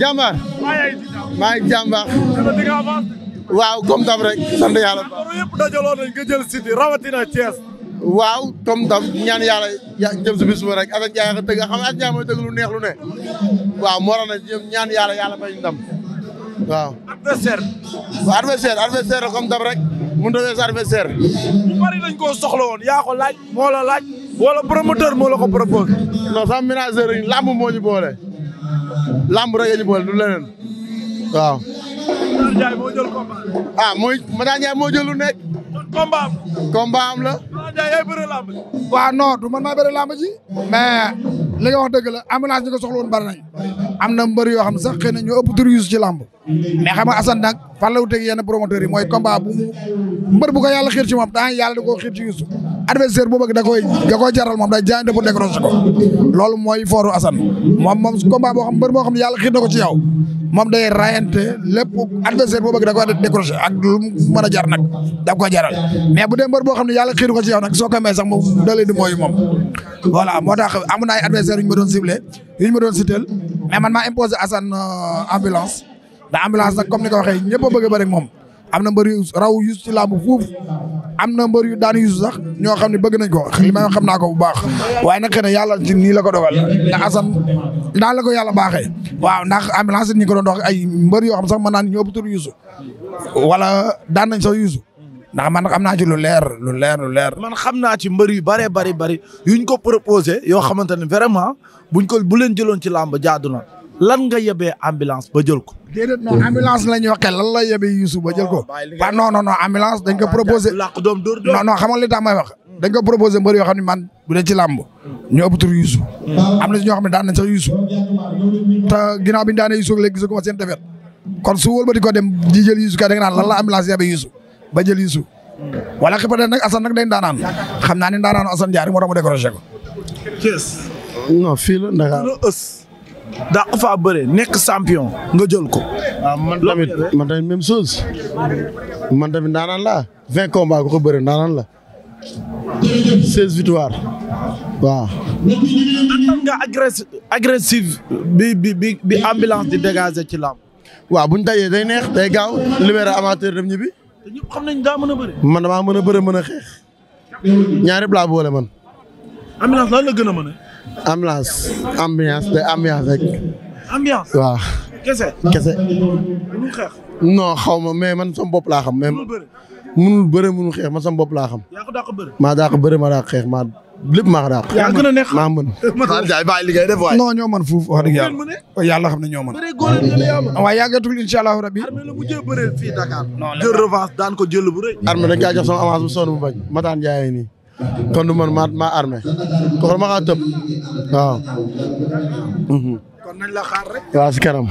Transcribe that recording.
jàmbaar. maa ngi jàmbaar. waaw comme tam rek sant yàlla. yëpp dajaloo waaw comme tam ñaan yàlla jëm si bis ba rek Assane tëgg xam nga tëgg lu neex lu ne. waaw moo tax nag ñaan yàlla yàlla may ñu ndam waaw. adversaire. waaw adversaire adversaire la comme tam rek. mënut a weesu adversaire. ñu bari lañ koo soxla woon yaa ko laaj. moo la laaj. wala promoteur moo la ko proposé. non sama ménageur yi làmb boole. làmb rek la ñu du leneen waaw. Mataar Ndiaye moo jël combat. ah mooy Mataar Ndiaye moo jël lu nekk. combat am. combat la. Mataar Ndiaye du man maa bëre làmb ji. mais li wax dëgg la ambulance ñi ko soxla woon bari nañ am na mbër yoo xam sax xëy na ñoo ëpp tur yuus ci làmb. mais xam nga Assane nag fan la wuteeg yenn promoteurs yi mooy combat bu bu ko yàlla xiir ci moom daan yàlla da koo xiir ci Yuusu adversaire boobu da koy da koy jaral moom day jaayante pour décrocher ko loolu mooy fooru Assane moom moom combat boo xam mbër moo xam ne yàlla xiir na ko ci yow moom day rayante lépp adversaire boobu da koy décrocher ak lu a jar nag da jaral mais bu dee mbër boo xam ne yàlla ko ci yow nag soo ko mee sax moom mooy moom voilà moo tax amoon na ay adversaire yu ma doon ciblé yu ñu ma doon citeel mais man maa euh, comme ni ko waxee ñëpp a bëgg ba rek moom am na mbër yu raw yu ci làmb fuuf am na mbër yu daan yuusu sax ñoo xam ne bëgg nañ ko li ma xam naa ko bu baax waaye nag na yàlla ci nii la ko dogal ndax Assane daan la ko yàlla baaxee waaw ndax ambulance ñi ko doon wax ay mbar yoo xam sax ma naan ñoo ëpp tur wala daan nañ sax yuusu ndax man am naa ci lu leer lu leer lu leer man xam naa ci mbër yu bëree bëri bëri yuñ ko proposé yoo xamante ne vraiment buñ ko bu leen jëloon ci làmb jaadu na lan nga yebee ambulance ba jël ko. déedéet non ambulance la ñuy waxee lan la yebee Youssou ba jël ko. Oh, waaw non non ambulance dañ ko proposé. làq doom dóor non non xam li tax may wax. dañ ko proposé yoo xam ne man bu dee ci làmb. ñu ëpp tur Youssou. Hmm. na si ñoo xam ne daan nañ sax Youssou. te ginnaaw bi ñu daanee Youssou léegi gisaguma seen defet. kon su wëlbati ko dem di jël Youssou kay da naan lan la ambulance yebee Youssou ba jël Youssou. wala xëppate nag Assane na day ndaanaan xam naa ne ndaanaanu Assane Diarra ko. Thiès. dàq faa bëre nekk champion nga jol ko. waaw ah, man tamit man tamit même chose man tamit ndaanaan la vingt combats ko ko bëre ndaanaan la seize victoire waaw. nan bi bi bi bi ambulance di dégager ci làmb. waaw bu ñu dajee day neex day gaaw libéré amateur dem ñibbi. te ñëpp xam nañ daa mën a bëre. mën a bëre mën a xeex ñaari plat boole man. la gën a mën a. ambulance ambiance te ambiance rek. ambiance waaw. kese kese. mënul xeex. non xaw ma mais man sama bopp laa xam mais. mënul bëre mënul xeex man sama bopp laa xam. yaa ko dàq bëre. maa dàq bëre ma dàq xeex maa lépp maa ko dàq. yaa gën a neex maa mën. xaar jaay bàyyi liggéey def waay. non ñoo mën fuuf wax dëgg yàlla. yàlla xam ne ñoo mën. waaye yàggatul incha allahu rabi. armé la mujjee bëreel fii Dakar. non jël revanche daan ko jël bu rëy. armé dañ kaa jox sama avance bu sonn bu bañ Mataan Ndiaye nii kon du man maa maa armé kooku dama xaar tëb waaw. Mhm. kon nañ la xaar rek. waaw si kanam.